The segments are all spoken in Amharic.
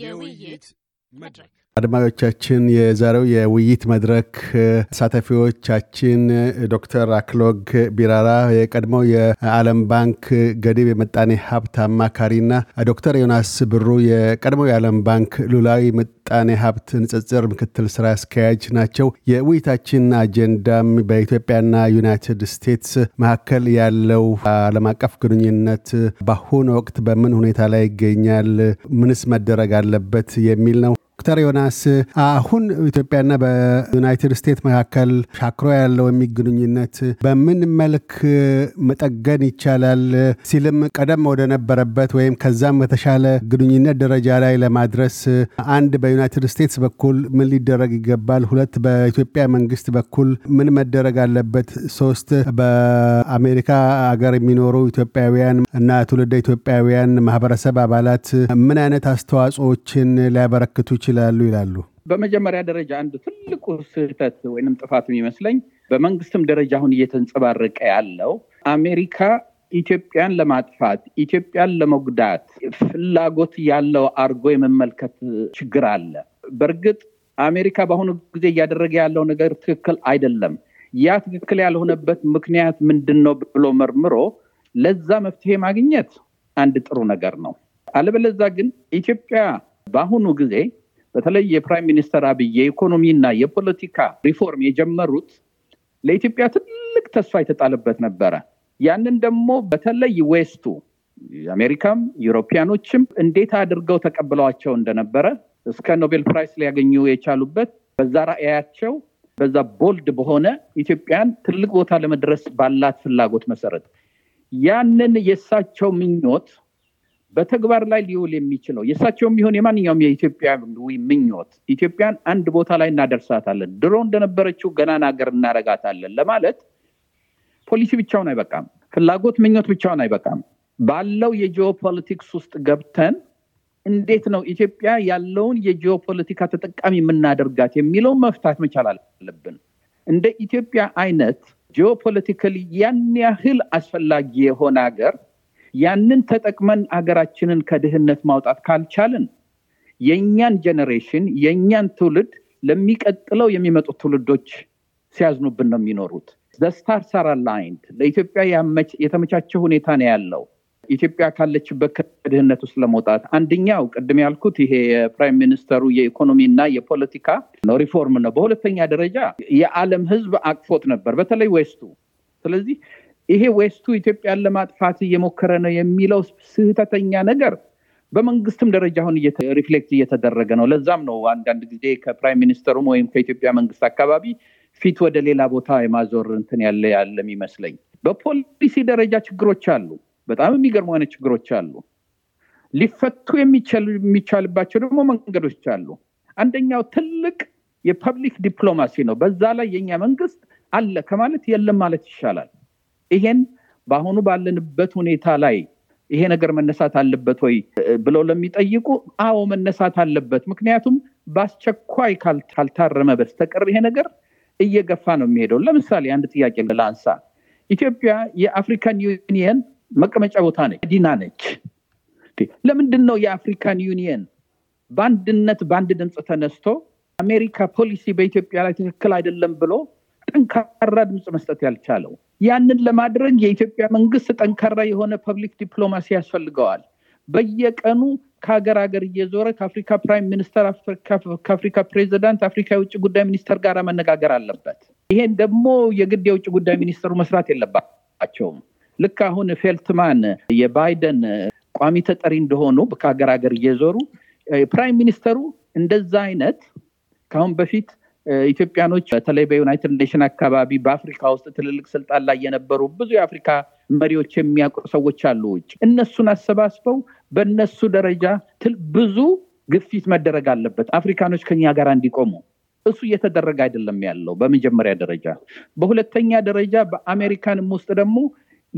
Yowie Yit Madrig. አድማጮቻችን የዛሬው የውይይት መድረክ ተሳታፊዎቻችን ዶክተር አክሎግ ቢራራ የቀድሞ የዓለም ባንክ ገዲብ የመጣኔ ሀብት አማካሪና ዶክተር ዮናስ ብሩ የቀድሞ የዓለም ባንክ ሉላዊ ምጣኔ ሀብት ንጽጽር ምክትል ስራ አስኪያጅ ናቸው። የውይይታችን አጀንዳም በኢትዮጵያና ዩናይትድ ስቴትስ መካከል ያለው ዓለም አቀፍ ግንኙነት በአሁኑ ወቅት በምን ሁኔታ ላይ ይገኛል፣ ምንስ መደረግ አለበት የሚል ነው። ዶክተር ዮናስ አሁን ኢትዮጵያና በዩናይትድ ስቴትስ መካከል ሻክሮ ያለው የሚግንኙነት በምን መልክ መጠገን ይቻላል ሲልም ቀደም ወደ ነበረበት ወይም ከዛም በተሻለ ግንኙነት ደረጃ ላይ ለማድረስ አንድ በዩናይትድ ስቴትስ በኩል ምን ሊደረግ ይገባል? ሁለት በኢትዮጵያ መንግስት በኩል ምን መደረግ አለበት? ሶስት በአሜሪካ አገር የሚኖሩ ኢትዮጵያውያን እና ትውልደ ኢትዮጵያውያን ማህበረሰብ አባላት ምን አይነት አስተዋጽኦችን ሊያበረክቱ ይችላሉ ይላሉ። በመጀመሪያ ደረጃ አንዱ ትልቁ ስህተት ወይም ጥፋት የሚመስለኝ በመንግስትም ደረጃ አሁን እየተንጸባረቀ ያለው አሜሪካ ኢትዮጵያን ለማጥፋት ኢትዮጵያን ለመጉዳት ፍላጎት ያለው አድርጎ የመመልከት ችግር አለ። በእርግጥ አሜሪካ በአሁኑ ጊዜ እያደረገ ያለው ነገር ትክክል አይደለም። ያ ትክክል ያልሆነበት ምክንያት ምንድን ነው ብሎ መርምሮ ለዛ መፍትሄ ማግኘት አንድ ጥሩ ነገር ነው። አለበለዛ ግን ኢትዮጵያ በአሁኑ ጊዜ በተለይ የፕራይም ሚኒስተር አብይ የኢኮኖሚና የፖለቲካ ሪፎርም የጀመሩት ለኢትዮጵያ ትልቅ ተስፋ የተጣለበት ነበረ። ያንን ደግሞ በተለይ ዌስቱ አሜሪካም ዩሮፒያኖችም እንዴት አድርገው ተቀብለዋቸው እንደነበረ እስከ ኖቤል ፕራይስ ሊያገኙ የቻሉበት በዛ ራእያቸው በዛ ቦልድ በሆነ ኢትዮጵያን ትልቅ ቦታ ለመድረስ ባላት ፍላጎት መሰረት ያንን የእሳቸው ምኞት በተግባር ላይ ሊውል የሚችለው የእሳቸው የሚሆን የማንኛውም የኢትዮጵያ ምኞት ኢትዮጵያን አንድ ቦታ ላይ እናደርሳታለን፣ ድሮ እንደነበረችው ገናን ሀገር እናረጋታለን ለማለት ፖሊሲ ብቻውን አይበቃም፣ ፍላጎት ምኞት ብቻውን አይበቃም። ባለው የጂኦፖለቲክስ ውስጥ ገብተን እንዴት ነው ኢትዮጵያ ያለውን የጂኦፖለቲካ ተጠቃሚ የምናደርጋት የሚለው መፍታት መቻል አለብን። እንደ ኢትዮጵያ አይነት ጂኦፖለቲካሊ ያን ያህል አስፈላጊ የሆነ ሀገር ያንን ተጠቅመን ሀገራችንን ከድህነት ማውጣት ካልቻልን የእኛን ጀኔሬሽን የእኛን ትውልድ ለሚቀጥለው የሚመጡ ትውልዶች ሲያዝኑብን ነው የሚኖሩት። ዘስታር አር ለኢትዮጵያ የተመቻቸ ሁኔታ ነው ያለው ኢትዮጵያ ካለችበት ከድህነት ውስጥ ለመውጣት አንደኛው ቅድም ያልኩት ይሄ የፕራይም ሚኒስተሩ የኢኮኖሚ እና የፖለቲካ ነው ሪፎርም ነው። በሁለተኛ ደረጃ የዓለም ህዝብ አቅፎት ነበር፣ በተለይ ዌስቱ። ስለዚህ ይሄ ዌስቱ ኢትዮጵያን ለማጥፋት እየሞከረ ነው የሚለው ስህተተኛ ነገር በመንግስትም ደረጃ አሁን ሪፍሌክት እየተደረገ ነው። ለዛም ነው አንዳንድ ጊዜ ከፕራይም ሚኒስተሩም ወይም ከኢትዮጵያ መንግስት አካባቢ ፊት ወደ ሌላ ቦታ የማዞር እንትን ያለ ያለ የሚመስለኝ። በፖሊሲ ደረጃ ችግሮች አሉ። በጣም የሚገርሙ አይነት ችግሮች አሉ። ሊፈቱ የሚቻልባቸው ደግሞ መንገዶች አሉ። አንደኛው ትልቅ የፐብሊክ ዲፕሎማሲ ነው። በዛ ላይ የኛ መንግስት አለ ከማለት የለም ማለት ይሻላል። ይሄን በአሁኑ ባለንበት ሁኔታ ላይ ይሄ ነገር መነሳት አለበት ወይ ብለው ለሚጠይቁ፣ አዎ መነሳት አለበት። ምክንያቱም በአስቸኳይ ካልታረመ በስተቀር ይሄ ነገር እየገፋ ነው የሚሄደው። ለምሳሌ አንድ ጥያቄ ላንሳ። ኢትዮጵያ የአፍሪካን ዩኒየን መቀመጫ ቦታ ነች፣ ዲና ነች። ለምንድን ነው የአፍሪካን ዩኒየን በአንድነት በአንድ ድምፅ ተነስቶ አሜሪካ ፖሊሲ በኢትዮጵያ ላይ ትክክል አይደለም ብሎ ጠንካራ ድምፅ መስጠት ያልቻለው? ያንን ለማድረግ የኢትዮጵያ መንግስት ጠንካራ የሆነ ፐብሊክ ዲፕሎማሲ ያስፈልገዋል። በየቀኑ ከሀገር ሀገር እየዞረ ከአፍሪካ ፕራይም ሚኒስተር፣ ከአፍሪካ ፕሬዚዳንት፣ አፍሪካ የውጭ ጉዳይ ሚኒስተር ጋር መነጋገር አለበት። ይሄን ደግሞ የግድ የውጭ ጉዳይ ሚኒስተሩ መስራት የለባቸውም። ልክ አሁን ፌልትማን የባይደን ቋሚ ተጠሪ እንደሆኑ ከሀገር ሀገር እየዞሩ ፕራይም ሚኒስተሩ እንደዛ አይነት ከአሁን በፊት ኢትዮጵያኖች በተለይ በዩናይትድ ኔሽን አካባቢ በአፍሪካ ውስጥ ትልልቅ ስልጣን ላይ የነበሩ ብዙ የአፍሪካ መሪዎች የሚያውቁ ሰዎች አሉ ውጭ እነሱን አሰባስበው በእነሱ ደረጃ ብዙ ግፊት መደረግ አለበት አፍሪካኖች ከኛ ጋር እንዲቆሙ እሱ እየተደረገ አይደለም ያለው በመጀመሪያ ደረጃ በሁለተኛ ደረጃ በአሜሪካንም ውስጥ ደግሞ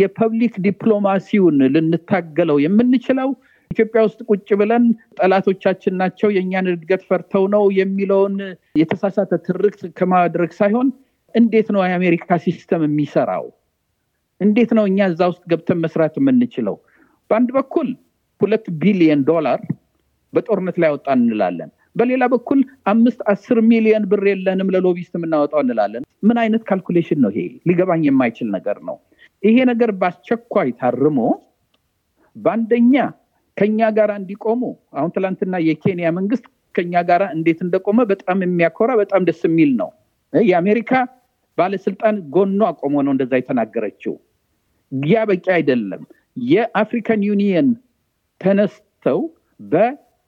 የፐብሊክ ዲፕሎማሲውን ልንታገለው የምንችለው ኢትዮጵያ ውስጥ ቁጭ ብለን ጠላቶቻችን ናቸው የእኛን እድገት ፈርተው ነው የሚለውን የተሳሳተ ትርክት ከማድረግ ሳይሆን እንዴት ነው የአሜሪካ ሲስተም የሚሰራው? እንዴት ነው እኛ እዛ ውስጥ ገብተን መስራት የምንችለው? በአንድ በኩል ሁለት ቢሊየን ዶላር በጦርነት ላይ አወጣ እንላለን። በሌላ በኩል አምስት አስር ሚሊዮን ብር የለንም ለሎቢስት የምናወጣው እንላለን። ምን አይነት ካልኩሌሽን ነው ይሄ? ሊገባኝ የማይችል ነገር ነው። ይሄ ነገር በአስቸኳይ ታርሞ በአንደኛ ከኛ ጋር እንዲቆሙ አሁን ትላንትና የኬንያ መንግስት ከኛ ጋር እንዴት እንደቆመ በጣም የሚያኮራ በጣም ደስ የሚል ነው። የአሜሪካ ባለስልጣን ጎኗ ቆሞ ነው እንደዛ የተናገረችው። ያ በቂ አይደለም። የአፍሪካን ዩኒየን ተነስተው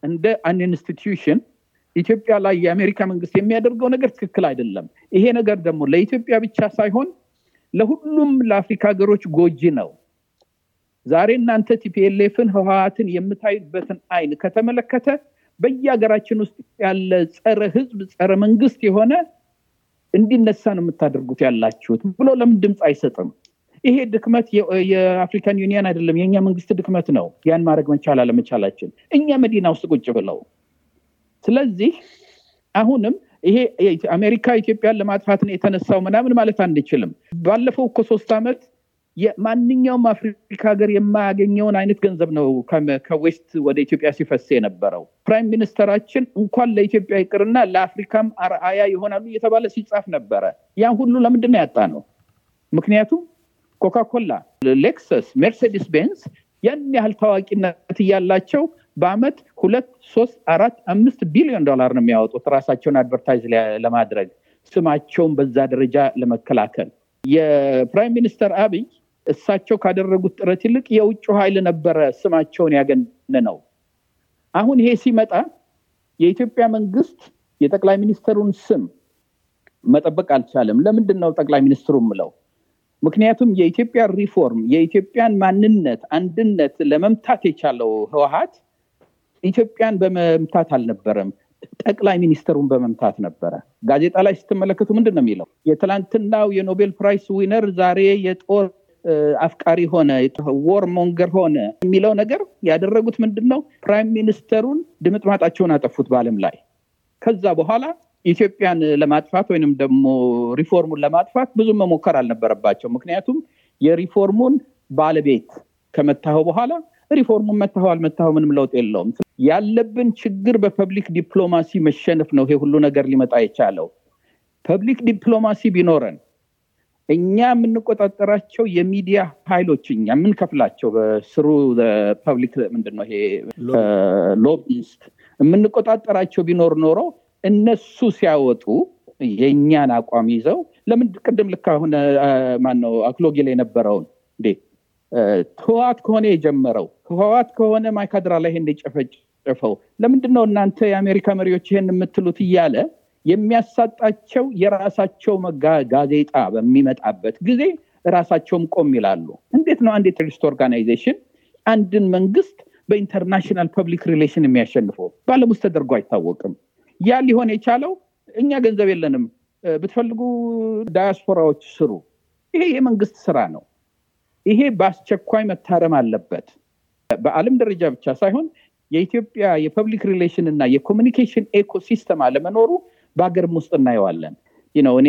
እንደ አንድ ኢንስቲትዩሽን ኢትዮጵያ ላይ የአሜሪካ መንግስት የሚያደርገው ነገር ትክክል አይደለም። ይሄ ነገር ደግሞ ለኢትዮጵያ ብቻ ሳይሆን ለሁሉም ለአፍሪካ ሀገሮች ጎጂ ነው። ዛሬ እናንተ ቲፒኤልኤፍን ህወሀትን የምታዩበትን አይን ከተመለከተ በየሀገራችን ውስጥ ያለ ጸረ ህዝብ ጸረ መንግስት የሆነ እንዲነሳ ነው የምታደርጉት ያላችሁት ብሎ ለምን ድምፅ አይሰጥም ይሄ ድክመት የአፍሪካን ዩኒየን አይደለም የእኛ መንግስት ድክመት ነው ያን ማድረግ መቻል አለመቻላችን እኛ መዲና ውስጥ ቁጭ ብለው ስለዚህ አሁንም ይሄ አሜሪካ ኢትዮጵያን ለማጥፋት ነው የተነሳው ምናምን ማለት አንችልም ባለፈው እኮ ሶስት ዓመት ማንኛውም አፍሪካ ሀገር የማያገኘውን አይነት ገንዘብ ነው ከዌስት ወደ ኢትዮጵያ ሲፈስ የነበረው። ፕራይም ሚኒስተራችን እንኳን ለኢትዮጵያ ይቅርና ለአፍሪካም አርአያ ይሆናሉ እየተባለ ሲጻፍ ነበረ። ያን ሁሉ ለምንድን ነው ያጣ ነው? ምክንያቱም ኮካኮላ፣ ሌክሰስ፣ ሜርሴዲስ ቤንስ ያን ያህል ታዋቂነት እያላቸው በአመት ሁለት ሶስት አራት አምስት ቢሊዮን ዶላር ነው የሚያወጡት ራሳቸውን አድቨርታይዝ ለማድረግ ስማቸውን በዛ ደረጃ ለመከላከል የፕራይም ሚኒስተር አብይ እሳቸው ካደረጉት ጥረት ይልቅ የውጭ ኃይል ነበረ ስማቸውን ነው። አሁን ይሄ ሲመጣ የኢትዮጵያ መንግስት የጠቅላይ ሚኒስትሩን ስም መጠበቅ አልቻለም። ለምንድን ነው ጠቅላይ ሚኒስትሩ ምለው? ምክንያቱም የኢትዮጵያ ሪፎርም የኢትዮጵያን ማንነት አንድነት ለመምታት የቻለው ህወሀት ኢትዮጵያን በመምታት አልነበረም። ጠቅላይ ሚኒስተሩን በመምታት ነበረ። ጋዜጣ ላይ ስትመለከቱ ምንድን ነው የሚለው? የትላንትናው የኖቤል ፕራይስ ዊነር ዛሬ የጦር አፍቃሪ ሆነ፣ ወር ሞንገር ሆነ የሚለው ነገር ያደረጉት ምንድን ነው? ፕራይም ሚኒስተሩን ድምጥ ማጣቸውን አጠፉት በአለም ላይ። ከዛ በኋላ ኢትዮጵያን ለማጥፋት ወይንም ደግሞ ሪፎርሙን ለማጥፋት ብዙ መሞከር አልነበረባቸው። ምክንያቱም የሪፎርሙን ባለቤት ከመታኸው በኋላ ሪፎርሙ መታሁ አልመታሁ ምንም ለውጥ የለውም። ያለብን ችግር በፐብሊክ ዲፕሎማሲ መሸነፍ ነው። ይሄ ሁሉ ነገር ሊመጣ የቻለው ፐብሊክ ዲፕሎማሲ ቢኖረን እኛ የምንቆጣጠራቸው የሚዲያ ሀይሎች እኛ የምንከፍላቸው በስሩ ፐብሊክ ምንድነው ይሄ ሎቢስት የምንቆጣጠራቸው ቢኖር ኖሮ እነሱ ሲያወጡ የእኛን አቋም ይዘው ለምን ቅድም ልካ ሁነ ማነው አክሎጌ ላይ የነበረውን እንዴ ህወሓት ከሆነ የጀመረው ህዋት ከሆነ ማይካድራ ላይ ይሄን የጨፈጨፈው ለምንድን ነው እናንተ የአሜሪካ መሪዎች ይሄን የምትሉት እያለ የሚያሳጣቸው የራሳቸው ጋዜጣ በሚመጣበት ጊዜ ራሳቸውም ቆም ይላሉ እንዴት ነው አንድ የትሪስት ኦርጋናይዜሽን አንድን መንግስት በኢንተርናሽናል ፐብሊክ ሪሌሽን የሚያሸንፈው በአለም ውስጥ ተደርጎ አይታወቅም ያ ሊሆን የቻለው እኛ ገንዘብ የለንም ብትፈልጉ ዳያስፖራዎች ስሩ ይሄ የመንግስት ስራ ነው ይሄ በአስቸኳይ መታረም አለበት በአለም ደረጃ ብቻ ሳይሆን የኢትዮጵያ የፐብሊክ ሪሌሽን እና የኮሚኒኬሽን ኤኮሲስተም አለመኖሩ በሀገርም ውስጥ እናየዋለን ነው እኔ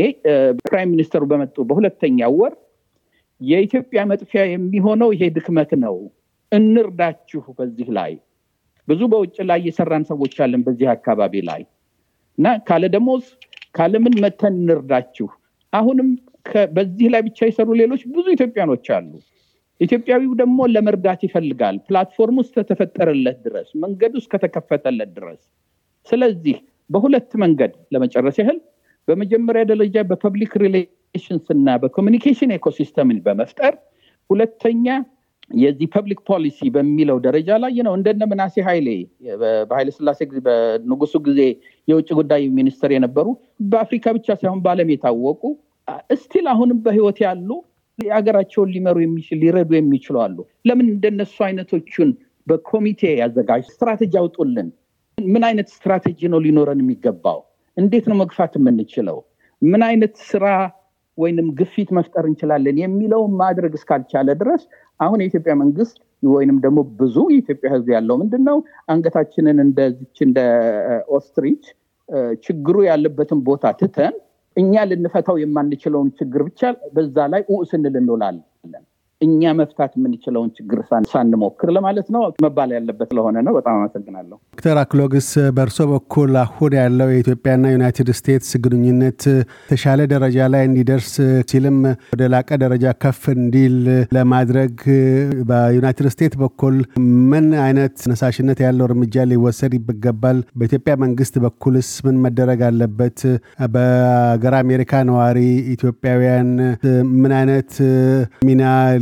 ፕራይም ሚኒስተሩ በመጡ በሁለተኛው ወር የኢትዮጵያ መጥፊያ የሚሆነው ይሄ ድክመት ነው እንርዳችሁ በዚህ ላይ ብዙ በውጭ ላይ የሰራን ሰዎች አለን በዚህ አካባቢ ላይ እና ካለ ደሞዝ ካለምን መተን እንርዳችሁ አሁንም በዚህ ላይ ብቻ የሰሩ ሌሎች ብዙ ኢትዮጵያኖች አሉ ኢትዮጵያዊው ደግሞ ለመርዳት ይፈልጋል፣ ፕላትፎርም ውስጥ እስከተፈጠረለት ድረስ፣ መንገዱ እስከተከፈተለት ድረስ። ስለዚህ በሁለት መንገድ ለመጨረስ ያህል በመጀመሪያ ደረጃ በፐብሊክ ሪሌሽንስ እና በኮሚኒኬሽን ኤኮሲስተምን በመፍጠር ሁለተኛ የዚህ ፐብሊክ ፖሊሲ በሚለው ደረጃ ላይ ነው። እንደነ ምናሴ ኃይሌ በኃይለ ስላሴ በንጉሱ ጊዜ የውጭ ጉዳይ ሚኒስትር የነበሩ በአፍሪካ ብቻ ሳይሆን በአለም የታወቁ እስቲል አሁንም በህይወት ያሉ ሀገራቸውን ሊመሩ የሚችል ሊረዱ የሚችሉ አሉ። ለምን እንደነሱ አይነቶቹን በኮሚቴ ያዘጋጅ ስትራቴጂ አውጡልን። ምን አይነት ስትራቴጂ ነው ሊኖረን የሚገባው? እንዴት ነው መግፋት የምንችለው? ምን አይነት ስራ ወይንም ግፊት መፍጠር እንችላለን የሚለውን ማድረግ እስካልቻለ ድረስ አሁን የኢትዮጵያ መንግስት ወይንም ደግሞ ብዙ የኢትዮጵያ ህዝብ ያለው ምንድን ነው አንገታችንን እንደዚች እንደ ኦስትሪች ችግሩ ያለበትን ቦታ ትተን እኛ ልንፈታው የማንችለውን ችግር ብቻ በዛ ላይ ኡእ ስንል እንውላለን። እኛ መፍታት የምንችለውን ችግር ሳንሞክር ለማለት ነው መባል ያለበት ስለሆነ ነው። በጣም አመሰግናለሁ። ዶክተር አክሎግስ በእርሶ በኩል አሁን ያለው የኢትዮጵያና ዩናይትድ ስቴትስ ግንኙነት የተሻለ ደረጃ ላይ እንዲደርስ ሲልም ወደ ላቀ ደረጃ ከፍ እንዲል ለማድረግ በዩናይትድ ስቴትስ በኩል ምን አይነት ነሳሽነት ያለው እርምጃ ሊወሰድ ይገባል? በኢትዮጵያ መንግስት በኩልስ ምን መደረግ አለበት? በሀገር አሜሪካ ነዋሪ ኢትዮጵያውያን ምን አይነት ሚና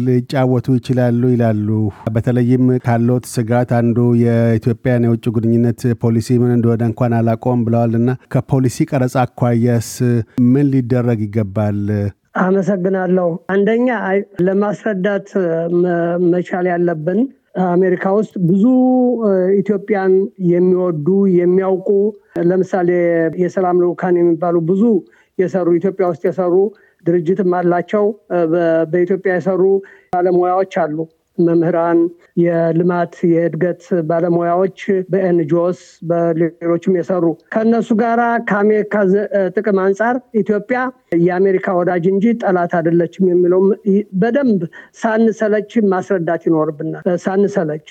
ሊጫወቱ ይችላሉ ይላሉ። በተለይም ካለት ስጋት አንዱ የኢትዮጵያን የውጭ ግንኙነት ፖሊሲ ምን እንደሆነ እንኳን አላቆም ብለዋል እና ከፖሊሲ ቀረጻ አኳያስ ምን ሊደረግ ይገባል? አመሰግናለሁ። አንደኛ ለማስረዳት መቻል ያለብን አሜሪካ ውስጥ ብዙ ኢትዮጵያን የሚወዱ የሚያውቁ፣ ለምሳሌ የሰላም ልዑካን የሚባሉ ብዙ የሰሩ ኢትዮጵያ ውስጥ የሰሩ ድርጅትም አላቸው። በኢትዮጵያ የሰሩ ባለሙያዎች አሉ። መምህራን፣ የልማት የእድገት ባለሙያዎች በኤንጂኦስ በሌሎችም የሰሩ ከእነሱ ጋር ከአሜሪካ ጥቅም አንጻር ኢትዮጵያ የአሜሪካ ወዳጅ እንጂ ጠላት አይደለችም የሚለውም በደንብ ሳንሰለች ማስረዳት ይኖርብናል። ሳንሰለች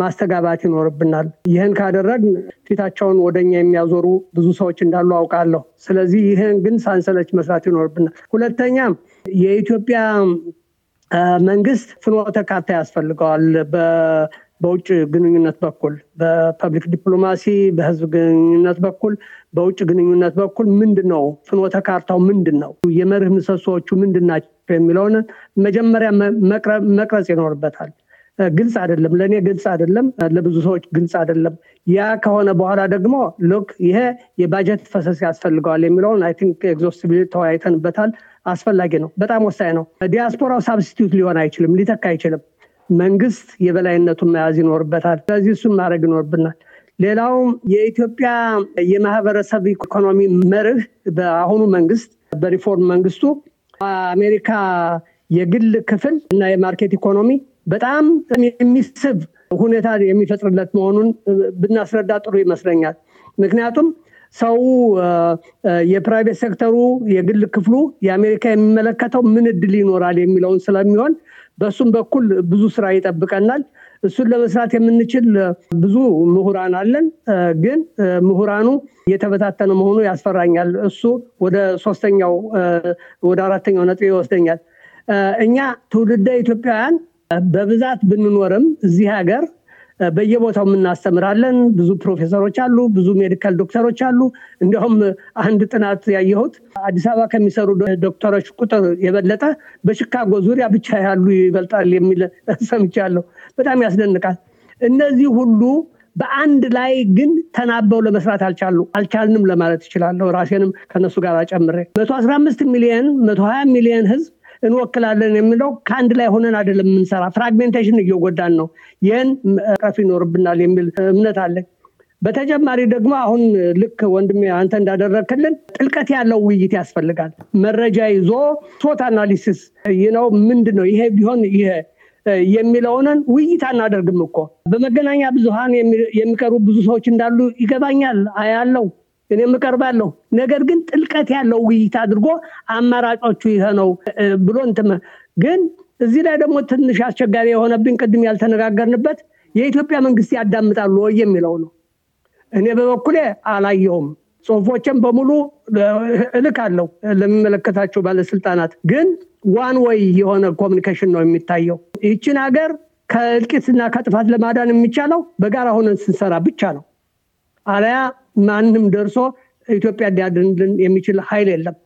ማስተጋባት ይኖርብናል። ይህን ካደረግን ፊታቸውን ወደኛ የሚያዞሩ ብዙ ሰዎች እንዳሉ አውቃለሁ። ስለዚህ ይህን ግን ሳንሰለች መስራት ይኖርብናል። ሁለተኛም የኢትዮጵያ መንግስት ፍኖተ ካርታ ያስፈልገዋል። በውጭ ግንኙነት በኩል በፐብሊክ ዲፕሎማሲ፣ በህዝብ ግንኙነት በኩል፣ በውጭ ግንኙነት በኩል ምንድን ነው ፍኖተ ካርታው ምንድን ነው? የመርህ ምሰሶዎቹ ምንድን ናቸው? የሚለውን መጀመሪያ መቅረጽ ይኖርበታል። ግልጽ አይደለም ለእኔ ግልጽ አይደለም ለብዙ ሰዎች ግልጽ አይደለም ያ ከሆነ በኋላ ደግሞ ሉክ ይሄ የባጀት ፈሰስ ያስፈልገዋል የሚለውን አይ ቲንክ ኤግዞስቲቭ ተወያይተንበታል አስፈላጊ ነው በጣም ወሳኝ ነው ዲያስፖራው ሳብስቲቱት ሊሆን አይችልም ሊተካ አይችልም መንግስት የበላይነቱን መያዝ ይኖርበታል ስለዚህ እሱን ማድረግ ይኖርብናል ሌላውም የኢትዮጵያ የማህበረሰብ ኢኮኖሚ መርህ በአሁኑ መንግስት በሪፎርም መንግስቱ አሜሪካ የግል ክፍል እና የማርኬት ኢኮኖሚ በጣም የሚስብ ሁኔታ የሚፈጥርለት መሆኑን ብናስረዳ ጥሩ ይመስለኛል። ምክንያቱም ሰው የፕራይቬት ሴክተሩ የግል ክፍሉ የአሜሪካ የሚመለከተው ምን እድል ይኖራል የሚለውን ስለሚሆን በእሱም በኩል ብዙ ስራ ይጠብቀናል። እሱን ለመስራት የምንችል ብዙ ምሁራን አለን፣ ግን ምሁራኑ የተበታተነ መሆኑ ያስፈራኛል። እሱ ወደ ሶስተኛው ወደ አራተኛው ነጥብ ይወስደኛል። እኛ ትውልደ ኢትዮጵያውያን በብዛት ብንኖርም እዚህ ሀገር በየቦታው የምናስተምራለን። ብዙ ፕሮፌሰሮች አሉ፣ ብዙ ሜዲካል ዶክተሮች አሉ። እንዲሁም አንድ ጥናት ያየሁት አዲስ አበባ ከሚሰሩ ዶክተሮች ቁጥር የበለጠ በሽካጎ ዙሪያ ብቻ ያሉ ይበልጣል የሚል ሰምቻለሁ። በጣም ያስደንቃል። እነዚህ ሁሉ በአንድ ላይ ግን ተናበው ለመስራት አልቻሉ አልቻልንም ለማለት ይችላለሁ። ራሴንም ከነሱ ጋር ጨምሬ መቶ አስራ አምስት ሚሊየን መቶ ሀያ ሚሊየን ህዝብ እንወክላለን የሚለው ከአንድ ላይ ሆነን አይደለም የምንሰራ ፍራግሜንቴሽን እየጎዳን ነው ይህን ቀፍ ይኖርብናል የሚል እምነት አለ በተጨማሪ ደግሞ አሁን ልክ ወንድሜ አንተ እንዳደረክልን ጥልቀት ያለው ውይይት ያስፈልጋል መረጃ ይዞ ሶት አናሊሲስ ይነው ምንድን ነው ይሄ ቢሆን ይሄ የሚለውንን ውይይት አናደርግም እኮ በመገናኛ ብዙሀን የሚቀርቡ ብዙ ሰዎች እንዳሉ ይገባኛል አያለው እኔም እቀርባለሁ። ነገር ግን ጥልቀት ያለው ውይይት አድርጎ አማራጮቹ ይሄ ነው ብሎ እንትም ግን እዚህ ላይ ደግሞ ትንሽ አስቸጋሪ የሆነብኝ ቅድም ያልተነጋገርንበት የኢትዮጵያ መንግስት ያዳምጣሉ ወይ የሚለው ነው። እኔ በበኩሌ አላየውም። ጽሁፎችን በሙሉ እልክ አለው ለሚመለከታቸው ባለስልጣናት፣ ግን ዋን ወይ የሆነ ኮሚኒኬሽን ነው የሚታየው። ይችን ሀገር ከእልቂትና ከጥፋት ለማዳን የሚቻለው በጋራ ሆነን ስንሰራ ብቻ ነው። አለያ ማንም ደርሶ ኢትዮጵያ እንዲያድንልን የሚችል ኃይል የለም።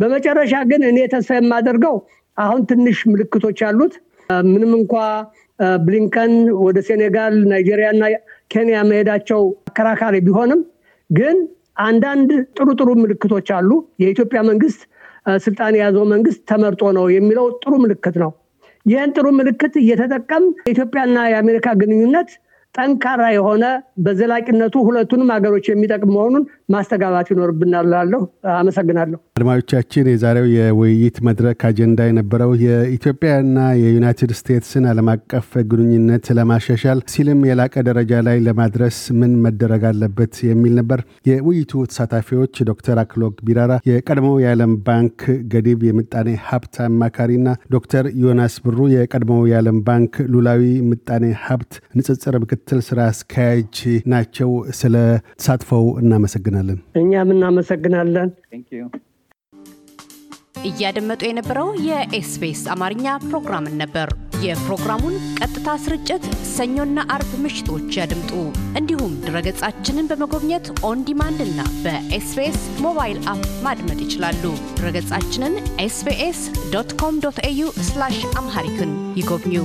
በመጨረሻ ግን እኔ ተስፋ የማደርገው አሁን ትንሽ ምልክቶች አሉት። ምንም እንኳ ብሊንከን ወደ ሴኔጋል፣ ናይጄሪያ እና ኬንያ መሄዳቸው አከራካሪ ቢሆንም ግን አንዳንድ ጥሩ ጥሩ ምልክቶች አሉ። የኢትዮጵያ መንግስት ስልጣን የያዘው መንግስት ተመርጦ ነው የሚለው ጥሩ ምልክት ነው። ይህን ጥሩ ምልክት እየተጠቀም የኢትዮጵያና የአሜሪካ ግንኙነት ጠንካራ የሆነ በዘላቂነቱ ሁለቱንም ሀገሮች የሚጠቅም መሆኑን ማስተጋባት ይኖርብናል አመሰግናለሁ። አድማጮቻችን፣ የዛሬው የውይይት መድረክ አጀንዳ የነበረው የኢትዮጵያና የዩናይትድ ስቴትስን ዓለም አቀፍ ግንኙነት ለማሻሻል ሲልም የላቀ ደረጃ ላይ ለማድረስ ምን መደረግ አለበት የሚል ነበር። የውይይቱ ተሳታፊዎች ዶክተር አክሎግ ቢራራ የቀድሞው የዓለም ባንክ ገዲብ የምጣኔ ሀብት አማካሪና ዶክተር ዮናስ ብሩ የቀድሞው የዓለም ባንክ ሉላዊ ምጣኔ ሀብት ንጽጽር ምክት ምክትል ስራ አስኪያጅ ናቸው። ስለ ተሳትፈው እናመሰግናለን። እኛም እናመሰግናለን። እያደመጡ የነበረው የኤስቢኤስ አማርኛ ፕሮግራምን ነበር። የፕሮግራሙን ቀጥታ ስርጭት ሰኞና አርብ ምሽቶች ያድምጡ። እንዲሁም ድረገጻችንን በመጎብኘት ኦን እና በኤስቢኤስ ሞባይል አፕ ማድመጥ ይችላሉ። ድረገጻችንን ኤስቢኤስ ዶት ኮም ዶት ኤዩ አምሃሪክን ይጎብኙ።